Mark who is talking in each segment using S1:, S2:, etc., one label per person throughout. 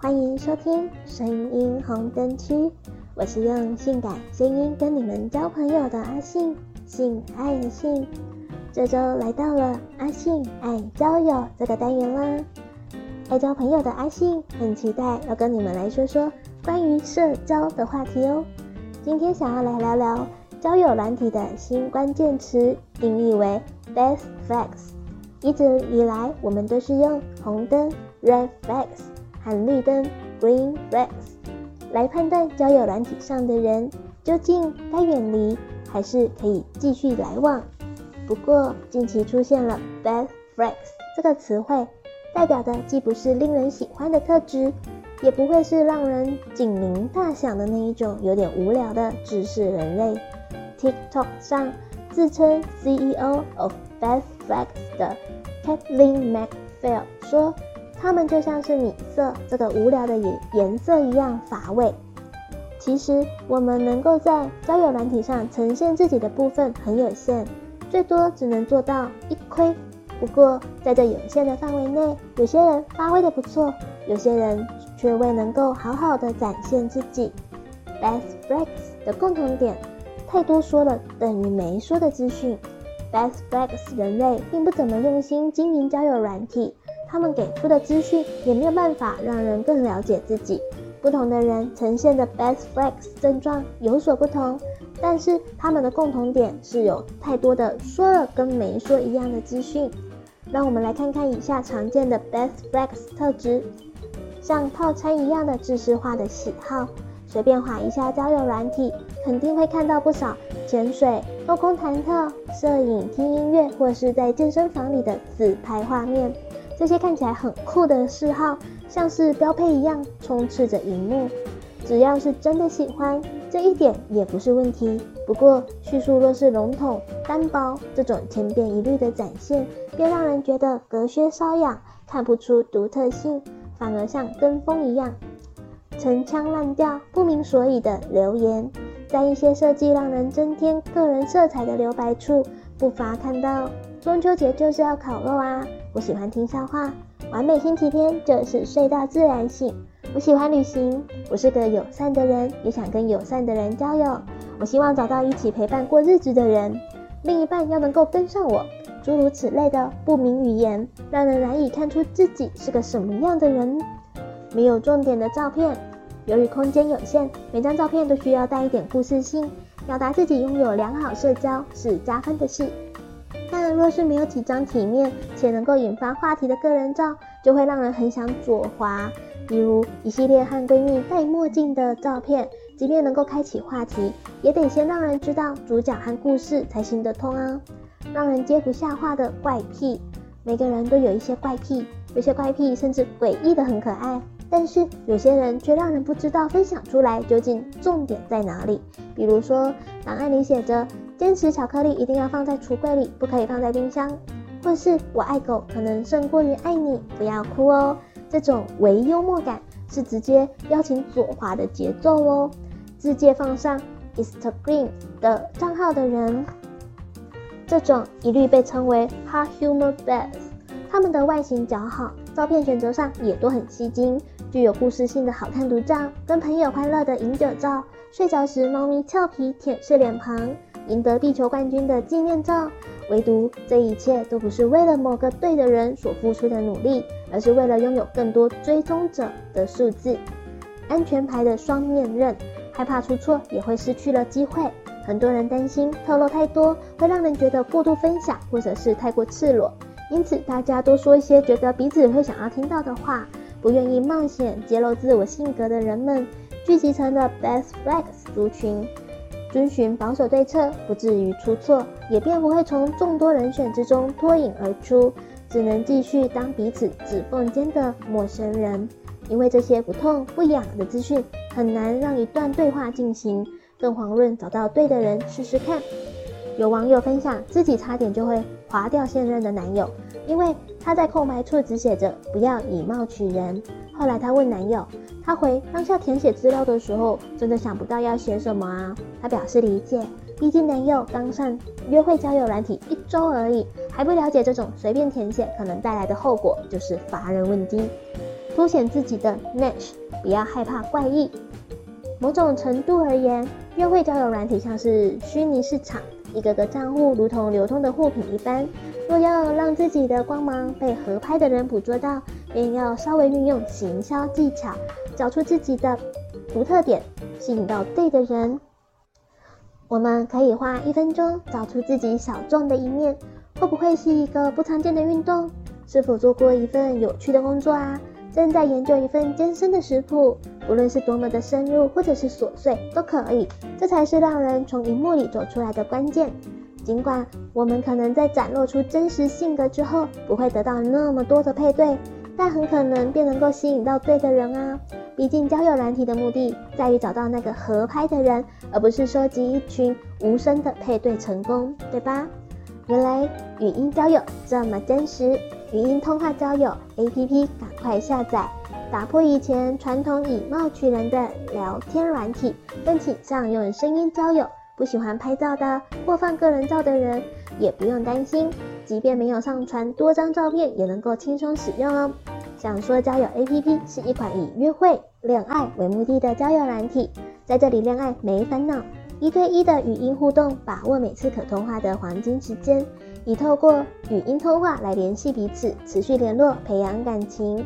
S1: 歡迎收聽聲音紅燈區，我是用性感聲音跟你們交朋友的阿性，信，性愛的性。這周來到了阿性愛交友這個單元啦，愛交朋友的阿性很期待要跟你們來說說關於社交的話題哦。今天想要來聊聊交友軟體的新關鍵詞，定義為 Beige Flags 一直以來我們都是用紅燈 Red Flags 和綠燈 （green flags） 來判斷交友軟體上的人究竟該遠離還是可以繼續來往。不過近期出現了 Beige Flags 這個詞彙，代表的既不是令人喜歡的特質，也不會是讓人警鈴大響的那一種有點無聊的制式人類。TikTok 上自稱 CEO of Beige Flags 的 Kathleen MacPhail 說。他們就像是米色這個無聊的顏顏色一樣乏味。其實我們能夠在交友軟體上呈現自己的部分很有限，最多只能做到一窺。不過在這有限的範圍內，有些人發揮的不錯，有些人卻未能夠好好的展現自己。Beige Flags 的共同點，太多說了等於沒說的資訊。Beige Flags 人類並不怎麼用心經營交友軟體。他們給出的資訊也沒有辦法讓人更了解自己。不同的人呈現的 Beige Flags 症狀有所不同，但是他們的共同點是有太多的說了跟沒說一樣的資訊。讓我們來看看以下常見的 Beige Flags 特質：像套餐一樣的制式化的喜好，隨便滑一下交友軟體，肯定會看到不少潛水、高空彈跳、攝影、聽音樂，或是在健身房裡的自拍畫面。這些看起來很酷的嗜好，像是標配一樣充斥着熒幕。只要是真的喜歡，這一點也不是問題。不過敘述若是籠統單薄，這種千篇一律的展現，便讓人覺得隔靴搔癢，看不出獨特性，反而像跟風一樣，陳腔濫調、不明所以的留言，在一些設計讓人增添個人色彩的留白處，不乏看到。中秋節就是要烤肉啊！我喜歡聽笑話。完美星期天就是睡到自然醒。我喜歡旅行。我是個友善的人，也想跟友善的人交友。我希望找到一起陪伴過日子的人。另一半要能夠跟上我。諸如此類的不明語言，讓人難以看出自己是個什麼樣的人。沒有重點的照片。由於空間有限，每張照片都需要帶一點故事性，表達自己擁有良好社交是加分的事。但若是沒有幾張體面且能夠引發話題的個人照，就會讓人很想左滑。比如一系列和閨蜜戴墨鏡的照片，即便能夠開啟話題，也得先讓人知道主角和故事才行得通啊！讓人接不下話的怪癖，每個人都有一些怪癖，有些怪癖甚至詭異的很可愛。但是有些人卻讓人不知道分享出來究竟重點在哪裡，比如說檔案裡寫着“堅持巧克力一定要放在櫥櫃裡，不可以放在冰箱”，或是“我愛狗可能勝過於愛你，不要哭哦”。這種偽幽默感是直接邀請左滑的節奏哦。自介放上 Instagram 的賬號的人，這種一律被稱為 hard humor fans 他們的外形較好。照片選擇上也都很吸睛，具有故事性的好看獨照，跟朋友歡樂的飲酒照，睡着時貓咪俏皮舔舐臉龐，贏得壁球冠軍的紀念照。唯獨這一切都不是為了某個對的人所付出的努力，而是為了擁有更多追蹤者的數字。安全牌的雙面刃，害怕出錯也會失去了機會。很多人擔心透露太多，會讓人覺得過度分享，或者是太過赤裸。因此，大家多說一些覺得彼此會想要聽到的話，不願意冒險揭露自我性格的人們，聚集成了 Beige Flags 族群。遵循保守對策，不至於出錯，也便不會從眾多人選之中脫穎而出，只能繼續當彼此指縫間的陌生人。因為這些不痛不癢的資訊，很難讓一段對話進行，更遑論找到對的人試試看。有網友分享，自己差點就會，劃掉現任的男友，因為他在空白處只寫着“不要以貌取人”。後來她問男友，他回：“當下填寫資料的時候，真的想不到要寫什麼啊。”他表示理解，畢竟男友剛上約會交友軟體一周而已，還不了解這種隨便填寫可能帶來的後果，就是乏人問津，凸顯自己的 niche，不要害怕怪異。某種程度而言，約會交友軟體像是虛擬市場。一個個賬戶如同流通的貨品一般，若要讓自己的光芒被合拍的人捕捉到，便要稍微運用行銷技巧，找出自己的獨特點，吸引到對的人。我們可以花一分鐘找出自己小眾的一面：會不會是一個不常見的運動？是否做過一份有趣的工作啊？正在研究一份艱深的食譜？無論是多麼的深入，或者是瑣碎，都可以，這才是讓人從熒幕裡走出來的關鍵。儘管我們可能在展露出真實性格之後，不會得到那麼多的配對，但很可能便能夠吸引到對的人啊！畢竟交友軟體的目的在於找到那個合拍的人，而不是收集一群無聲的配對成功，對吧？原來語音交友這麼真實，語音通話交友 APP 趕快下載。打破以前傳統以貌取人的聊天軟體，更提倡用聲音交友。不喜歡拍照的或放個人照的人也不用擔心，即便沒有上傳多張照片，也能夠輕鬆使用哦。享說交友 APP 是一款以約會、戀愛為目的的交友軟體，在這裡戀愛沒煩惱，一對一的語音互動，把握每次可通話的黃金時間，以透過語音通話來聯繫彼此，持續聯絡，培養感情。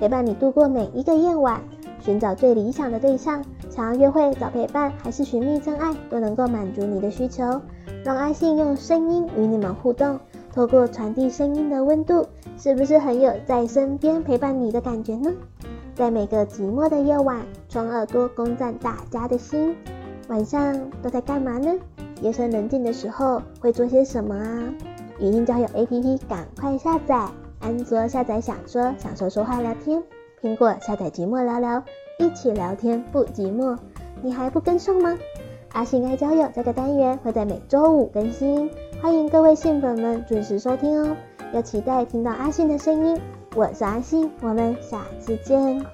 S1: 陪伴你度過每一個夜晚，尋找最理想的對象，想要約會找陪伴，還是尋覓真愛，都能夠滿足你的需求。讓阿性用聲音與你們互動，透過傳遞聲音的溫度，是不是很有在身邊陪伴你的感覺呢？在每個寂寞的夜晚，雙耳朵攻佔大家的心。晚上都在幹嘛呢？夜深人靜的時候會做些什麼啊？語音交友 APP，趕快下載。安卓下載享說，享受說，說話聊天；蘋果下載寂寞聊聊，一起聊天不寂寞。你還不跟上嗎？阿性愛交友這個單元會在每周五更新，歡迎各位性粉們準時收聽哦。要期待聽到阿性的聲音，我是阿性，我們下次見。